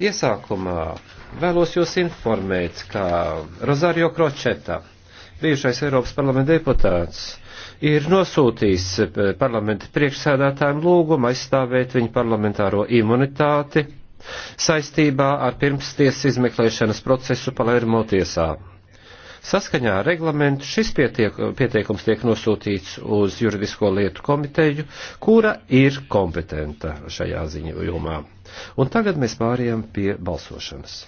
Iesākumā vēlos jūs informēt, ka Rozario Kročeta, bijušais Eiropas parlamenta deputāts, ir nosūtījis eh, parlamenta priekšsēdētājiem lūgumu aizstāvēt viņu parlamentāro imunitāti saistībā ar pirmstiesas izmeklēšanas procesu Palermo tiesā. Saskaņā ar reglamentu šis pietiek, pieteikums tiek nosūtīts uz juridisko lietu komiteju, kura ir kompetenta šajā ziņojumā. Un tagad mēs pārējām pie balsošanas.